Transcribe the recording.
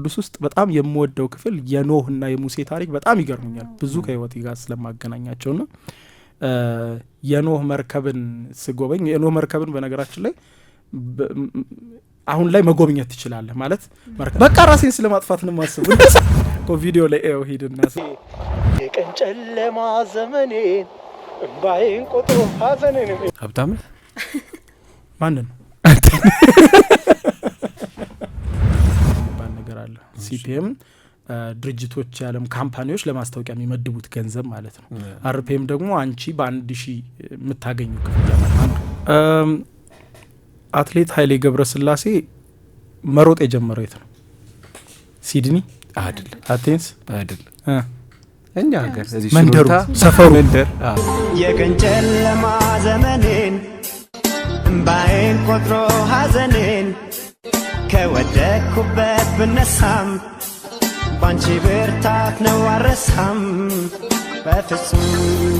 ቅዱስ ውስጥ በጣም የምወደው ክፍል የኖህና የሙሴ ታሪክ በጣም ይገርሙኛል፣ ብዙ ከህይወት ጋር ስለማገናኛቸው ና የኖህ መርከብን ስጎበኝ የኖህ መርከብን በነገራችን ላይ አሁን ላይ መጎብኘት ትችላለህ ማለት በቃ ራሴን ስለ ማጥፋት ነው ማስቡ ቪዲዮ ላይ ው ሂድና የቀን ጨለማ ዘመኔን እምባዬን ቆጥሮ ሀዘንን ሀብታም ማንን ነው አለ። ሲፒኤም ድርጅቶች ያለም ካምፓኒዎች ለማስታወቂያ የሚመድቡት ገንዘብ ማለት ነው። አርፒኤም ደግሞ አንቺ በአንድ ሺ የምታገኙ ክፍያ አትሌት ኃይሌ ገብረስላሴ መሮጥ የጀመረው የት ነው? ሲድኒ አድል አቴንስ አድል እኛ ሀገር መንደሩ፣ ሰፈሩ፣ መንደር የቀን ጨለማ ዘመኔን እምባዬን ቆጥሮ ሀዘኔን ከወደኩበት ብነሳም ባንቺ ብርታት ነው አረሳም በፍጹም